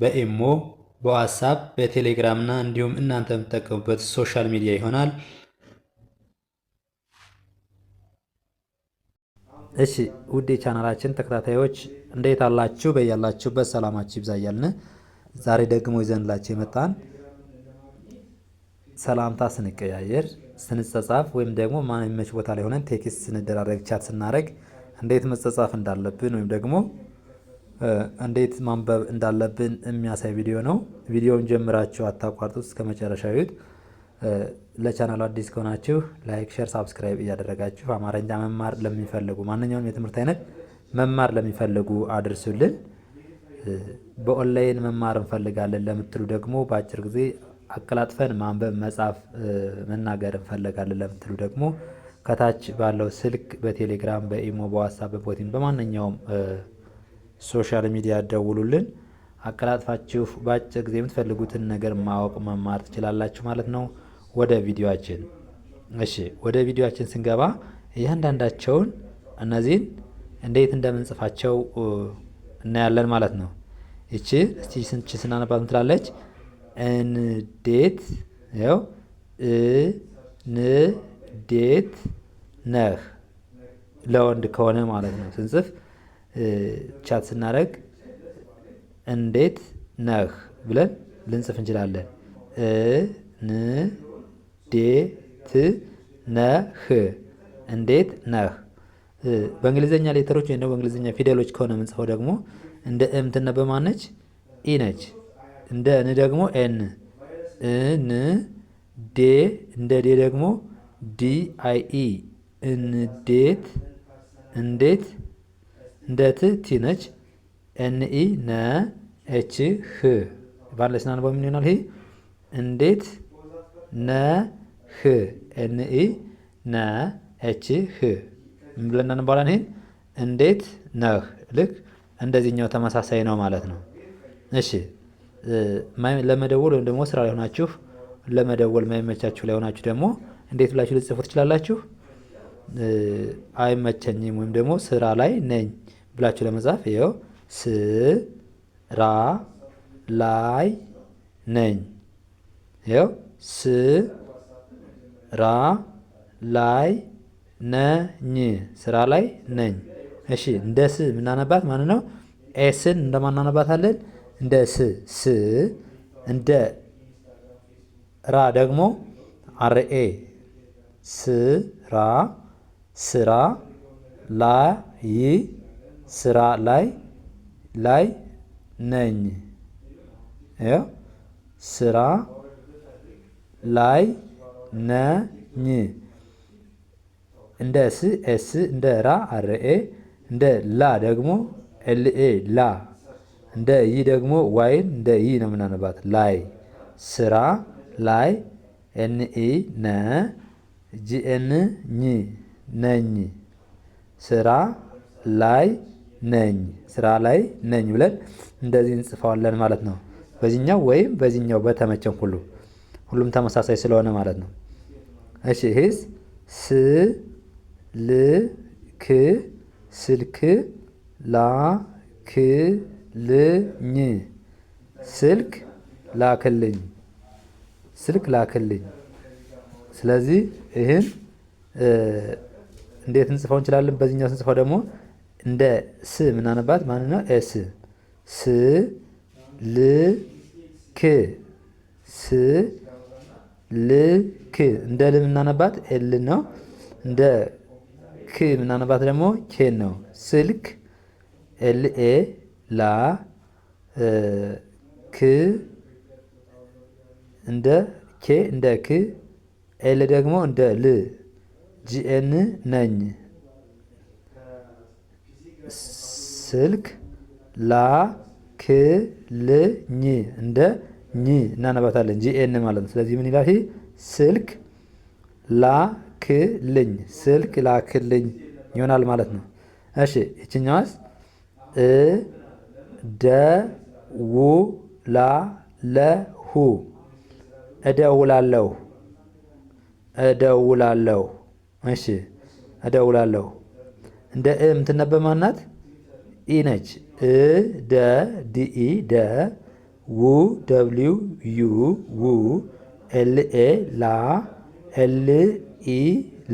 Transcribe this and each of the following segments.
በኤሞ በዋትሳፕ በቴሌግራም እና እንዲሁም እናንተ የምትጠቀሙበት ሶሻል ሚዲያ ይሆናል። እሺ ውድ ቻናላችን ተከታታዮች እንዴት አላችሁ? በያላችሁበት ሰላማችሁ ይብዛ እያልን ዛሬ ደግሞ ይዘንላችሁ የመጣን ሰላምታ ስንቀያየር፣ ስንጸጻፍ ወይም ደግሞ ማንመች ቦታ ላይ ሆነን ቴክስት ስንደራረግ፣ ቻት ስናደረግ እንዴት መጸጻፍ እንዳለብን ወይም ደግሞ እንዴት ማንበብ እንዳለብን የሚያሳይ ቪዲዮ ነው። ቪዲዮውን ጀምራችሁ አታቋርጡት እስከ መጨረሻ ዩት። ለቻናሉ አዲስ ከሆናችሁ ላይክ፣ ሼር፣ ሳብስክራይብ እያደረጋችሁ አማርኛ መማር ለሚፈልጉ ማንኛውም የትምህርት አይነት መማር ለሚፈልጉ አድርሱልን። በኦንላይን መማር እንፈልጋለን ለምትሉ ደግሞ በአጭር ጊዜ አቀላጥፈን ማንበብ፣ መጻፍ፣ መናገር እንፈልጋለን ለምትሉ ደግሞ ከታች ባለው ስልክ በቴሌግራም፣ በኢሞ፣ በዋትሳፕ፣ በቦቲም በማንኛውም ሶሻል ሚዲያ ደውሉልን። አቀላጥፋችሁ በአጭር ጊዜ የምትፈልጉትን ነገር ማወቅ መማር ትችላላችሁ ማለት ነው። ወደ ቪዲዮችን እሺ፣ ወደ ቪዲዮችን ስንገባ እያንዳንዳቸውን እነዚህን እንዴት እንደምንጽፋቸው እናያለን ማለት ነው። ይቺ እስቲ ስንች ስናነባት ምትላለች እንዴት ው እንዴት ነህ ለወንድ ከሆነ ማለት ነው ስንጽፍ ቻት ስናደርግ እንዴት ነህ ብለን ልንጽፍ እንችላለን። እንዴት ነህ፣ እንዴት ነህ። በእንግሊዝኛ ሌተሮች ወይም በእንግሊዝኛ ፊደሎች ከሆነ የምንጽፈው ደግሞ እንደ እ የምትነበብ ማነች? ኢ ነች። እንደ ን ደግሞ ኤን እን ዴ እንደ ዴ ደግሞ ዲ አይ ኢ እንዴት እንዴት እንደ ት ቲ ነች። ኤንኢ ነ ኤች ህ ባለ ስናንባው ምን ይሆናል? ይሄ እንዴት ነ ህ ኤንኢ ነ ኤች ህ ምን ብለን እናንባለን? ይሄን እንዴት ነህ። ልክ እንደዚህኛው ተመሳሳይ ነው ማለት ነው። እሺ ለመደወል ወይም ደግሞ ስራ ላይ ሆናችሁ ለመደወል ማይመቻችሁ ላይ ሆናችሁ ደግሞ እንዴት ብላችሁ ልጽፉ ትችላላችሁ? አይመቸኝም ወይም ደግሞ ስራ ላይ ነኝ ብላችሁ ለመጻፍ ይኸው ስራ ላይ ነኝ። ይኸው ስራ ላይ ነኝ፣ ስራ ላይ ነኝ። እሺ እንደ ስ የምናነባት ማለት ነው። ኤስን እንደማናነባታለን እንደ ስ ስ እንደ ራ ደግሞ አርኤ ስራ ስራ ላይ ስራ ላይ ላይ ነኝ። ስራ ላይ ነኝ። እንደ ስ ኤስ እንደ ራ አርኤ እንደ ላ ደግሞ ኤልኤ ላ እንደ ይ ደግሞ ዋይን እንደ ይ ነው የምናነባት ላይ ስራ ላይ ኤንኤ ነ ጂኤን ኝ ነኝ ስራ ላይ ነኝ ስራ ላይ ነኝ ብለን እንደዚህ እንጽፈዋለን ማለት ነው። በዚህኛው ወይም በዚህኛው በተመቸን ሁሉ ሁሉም ተመሳሳይ ስለሆነ ማለት ነው። እሺ ይህስ ስልክ ስልክ ኝ ስልክ ላክልኝ ስልክ ላክልኝ። ስለዚህ ይህን እንዴት እንጽፈው እንችላለን? በዚህኛው ስንጽፈው ደግሞ እንደ ስ ምናነባት ማን ነው። ኤስ ስ ል ክ ስ ል ክ እንደ ል ምናነባት ኤል ነው። እንደ ክ ምናነባት ደግሞ ኬ ነው። ስልክ ኤል ኤ ላ ክ እንደ ኬ እንደ ክ ኤል ደግሞ እንደ ል ጂኤን ነኝ ስልክ ላክልኝ እንደ ኝ እናነባታለን ጂኤን ማለት ነው። ስለዚህ ምን ይላል? ስልክ ላክልኝ ስልክ ላክልኝ ይሆናል ማለት ነው። እሺ ይችኛዋስ እ ሁ እደውላለሁ እደውላለሁ እሺ እደውላለሁ እንደ እ የምትነበብ ማናት? ኢ ነች። እ ደ ዲ ኢ ደ ው ደብሊው ዩ ው ኤል ኤ ላ ኤል ኢ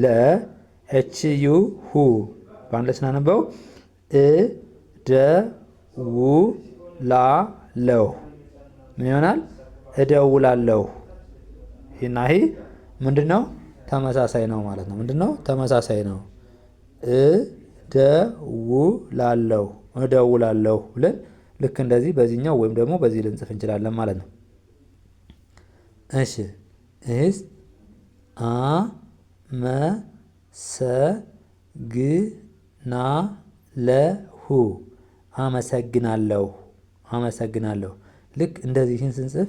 ለ ኤች ዩ ሁ በአንድ ላይ ስናነበው እ ደ ው ላ ለው ምን ይሆናል? እደውላለሁ። ይህና ይህ ምንድን ነው? ተመሳሳይ ነው ማለት ነው። ምንድን ነው? ተመሳሳይ ነው እ ደውላለሁ እደውላለሁ ብለን ልክ እንደዚህ በዚህኛው ወይም ደግሞ በዚህ ልንጽፍ እንችላለን ማለት ነው። እሺ እስ አመሰግናለሁ አመሰግናለሁ አመሰግናለሁ ልክ እንደዚህን ስንጽፍ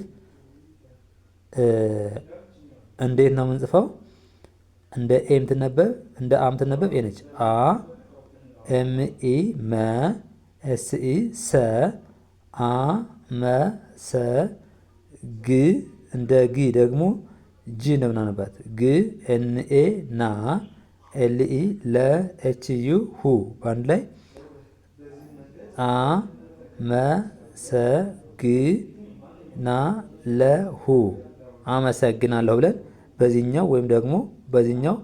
እንዴት ነው የምንጽፈው? እንደ ኤም ትነበብ እንደ አም ትነበብ ኤ ነች አ ኤምኢ መ ኤስኢ ሰ አ መ ሰ ግ እንደ ግ ደግሞ ጂ ነው ምናነባት ግ ኤንኤ ና ኤልኢ ለ ኤችዩ ሁ በአንድ ላይ አ መ ሰ ግ ና ለ ሁ አመሰግናለሁ ብለን በዚህኛው ወይም ደግሞ በዚህኛው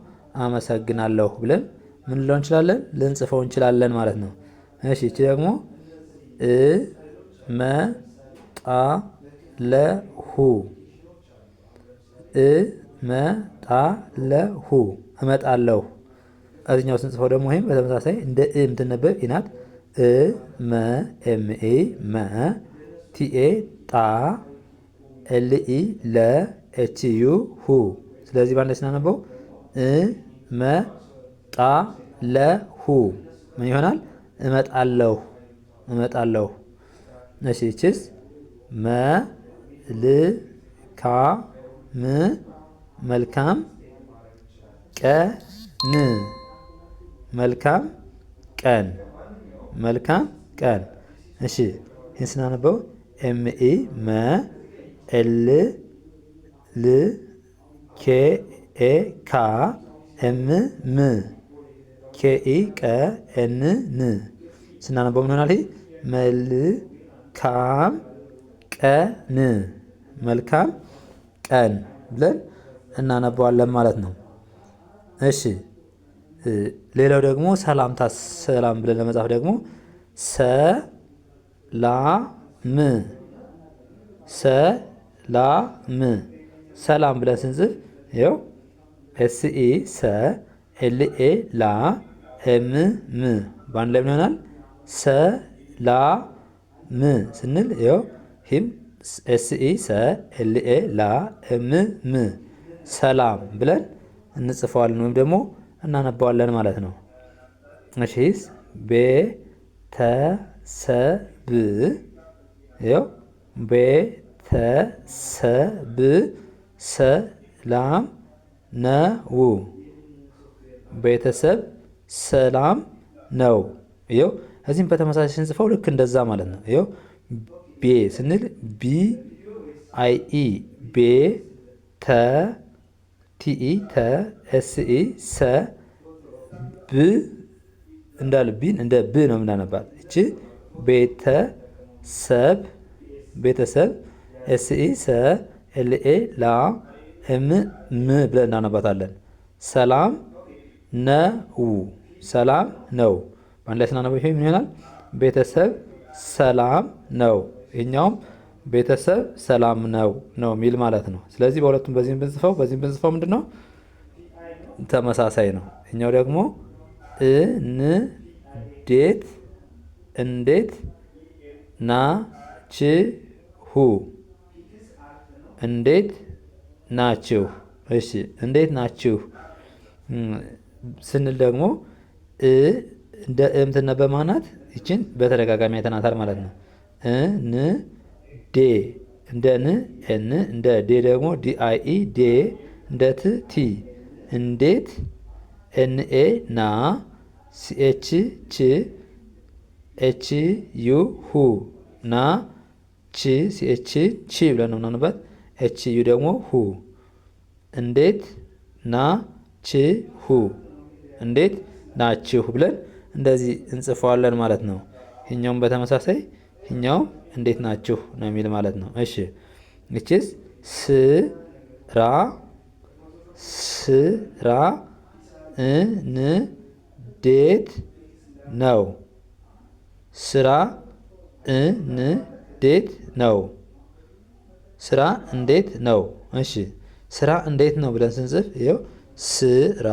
አመሰግናለሁ ብለን ምን ልለው እንችላለን? ልንጽፈው እንችላለን ማለት ነው። እሺ እቺ ደግሞ እ መ ጣ ለ ሁ እ መ ጣ ለ ሁ እመጣለሁ። እዚኛው ስንጽፈው ደግሞ ይሄም በተመሳሳይ እንደ እ የምትነበብ ኢናት እ መ ኤም ኤ መ ቲኤ ጣ ኤልኢ ለ ኤች ዩ ሁ ስለዚህ ባንደ ስናነበው እ መ ለሁ ምን ይሆናል? እመጣለሁ እመጣለሁ። እሺ ይቺስ መልካም መልካም ቀን መልካም ቀን መልካም ቀን። እሺ ይህን ስናነበው ኢ መ ኤል ል ኬ ኤ ካ ኤም ም ኬኢ ቀ ኤን ን ስናነበው ምን ይሆናል? መልካም ቀን መልካም ቀን ብለን እናነበዋለን ማለት ነው። እሺ ሌላው ደግሞ ሰላምታ ሰላም ብለን ለመጻፍ ደግሞ ሰላም ሰላም ሰላም ብለን ስንጽፍ ይኸው ኤስኢ ሰ ኤልኤ ላ ኤም ም በአንድ ላይ ምን ይሆናል? ም ስንል ይኸው ሂም ኤስኢ ሰ ኤልኤ ላ እም ም ሰላም ብለን እንጽፈዋለን ወይም ደግሞ እናነባዋለን ማለት ነው። እሺስ ቤተሰብ ይኸው ቤተሰብ ሰላም ነው ቤተሰብ ሰላም ነው። ይኸው እዚህም በተመሳሳይ ስንጽፈው ልክ እንደዛ ማለት ነው። ይኸው ቤ ስንል ቢ አይ ኢ ቤ ተ ቲኢ ተ ኤስኢ ሰ ብ እንዳለ ቢን እንደ ብ ነው የምናነባት። እቺ ቤተሰብ ቤተሰብ ኤስኢ ሰ ኤልኤ ላ ኤም ም ብለን እናነባታለን። ሰላም ነው። ሰላም ነው። በአንድ ላይ ስናነበው ምን ይሆናል? ቤተሰብ ሰላም ነው። ይህኛውም ቤተሰብ ሰላም ነው ነው የሚል ማለት ነው። ስለዚህ በሁለቱም በዚህም ብንጽፈው በዚህም ብንጽፈው ምንድን ነው ተመሳሳይ ነው። እኛው ደግሞ እንዴት እንዴት ናችሁ እንዴት ናችሁ። እሺ እንዴት ናችሁ ስንል ደግሞ እ እንደ እ በማናት ማናት? ይችን በተደጋጋሚ አይተናታል ማለት ነው። እ ን ዴ እንደ ን ኤን እንደ ዴ ደግሞ ዲ አይ ኢ ዴ እንደ ት ቲ እንዴት ኤን ኤ ና ሲኤች ች ኤች ዩ ሁ ና ቺ ሲኤች ቺ ብለን ነው ምናንባት። ኤች ዩ ደግሞ ሁ እንዴት ና ቺ ሁ እንዴት ናችሁ ብለን እንደዚህ እንጽፈዋለን ማለት ነው። ይህኛውም በተመሳሳይ ይህኛውም እንዴት ናችሁ ነው የሚል ማለት ነው። እሺ ይቺስ ስራ ስራ እንዴት ነው? ስራ እንዴት ነው? ስራ እንዴት ነው? እሺ ስራ እንዴት ነው ብለን ስንጽፍ ይኸው ስራ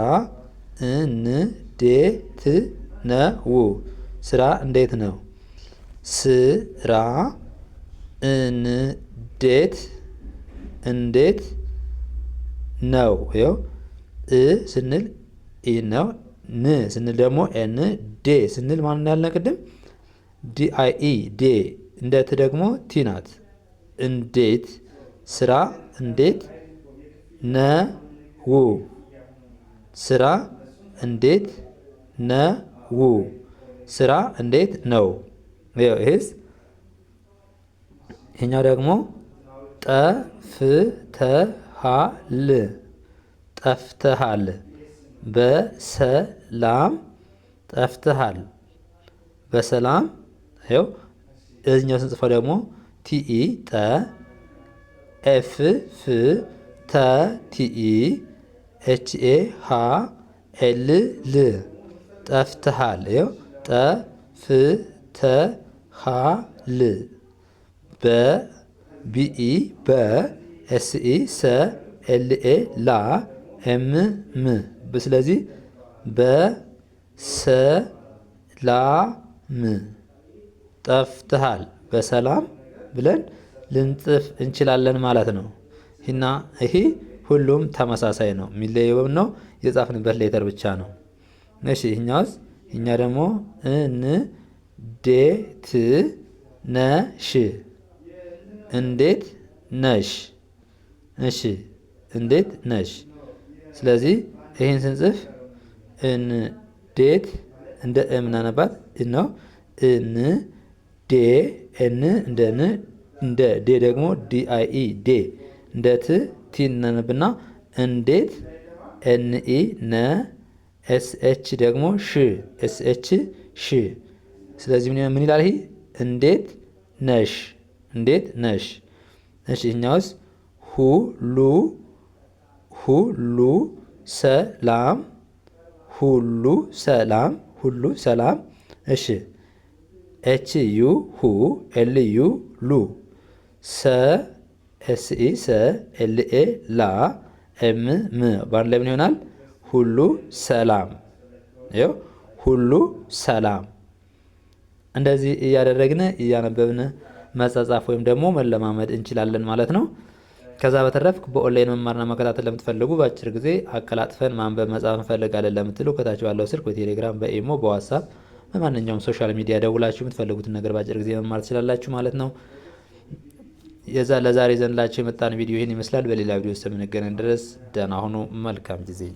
እን እንዴት ነው ስራ እንዴት ነው? ስራ እንዴት እንዴት ነው ው እ ስንል ኢ ነው። ን ስንል ደግሞ ኤን ዴ ስንል ማንን ያልነ ቅድም ዲ አይ ኢ ዴ እንደት ደግሞ ቲ ናት። እንዴት ስራ እንዴት ነው ስራ እንዴት ነው። ስራ እንዴት ነው? ይህስ ይህኛው ደግሞ ጠፍተሃል ጠፍተሃል በሰላም ጠፍተሃል በሰላም ይኸው እዚኛው ስንጽፈው ደግሞ ቲኢ ጠ ኤፍ ፍ ተ ቲኢ ኤችኤ ሃ ኤል ል ጠፍትሃል ጠፍተሃል በ በኤስኢ ሰ ኤልኤ ላ ኤም ም ስለዚህ በሰላም ጠፍትሃል በሰላም ብለን ልንጽፍ እንችላለን ማለት ነው። እና ይሄ ሁሉም ተመሳሳይ ነው። የሚለየው ነው የጻፍንበት ሌተር ብቻ ነው። እሺ እኛውስ እኛ ደግሞ እንዴት ነሽ እንዴት ነሽ እሺ እንዴት ነሽ። ስለዚህ ይህን ስንጽፍ እንዴት እንደ እ ምናነባት ነው እን ዴ ኤን እንደ ን እንደ ዴ ደግሞ ዲ አይ ኢ ዴ እንደ ት ቲ እናነብና እንዴት ኤን ኢ ነ ኤስኤች ደግሞ ሽ ኤስኤች ሽ። ስለዚህ ምን ይላል ይሄ? እንዴት ነሽ፣ እንዴት ነሽ። እሺ እኛውስ ሁሉ ሁሉ ሰላም፣ ሁሉ ሰላም፣ ሁሉ ሰላም። እሺ ኤች ዩ ሁ ኤል ዩ ሉ ሰ ኤስ ኢ ሰ ኤል ኤ ላ ኤም ም ባንድ ላይ ምን ይሆናል? ሁሉ ሰላም ይኸው ሁሉ ሰላም። እንደዚህ እያደረግን እያነበብን መጻጻፍ ወይም ደግሞ መለማመድ እንችላለን ማለት ነው። ከዛ በተረፍክ በኦንላይን መማርና መከታተል ለምትፈልጉ በአጭር ጊዜ አቀላጥፈን ማንበብ መጻፍ እንፈልጋለን ለምትሉ ከታች ባለው ስልክ በቴሌግራም በኢሞ በዋትሳፕ በማንኛውም ሶሻል ሚዲያ ደውላችሁ የምትፈልጉትን ነገር በአጭር ጊዜ መማር ትችላላችሁ ማለት ነው። የዛ ለዛሬ ዘንላችሁ የመጣን ቪዲዮ ይህን ይመስላል። በሌላ ቪዲዮ እስከምንገናኝ ድረስ ደህና ሁኑ። መልካም ጊዜ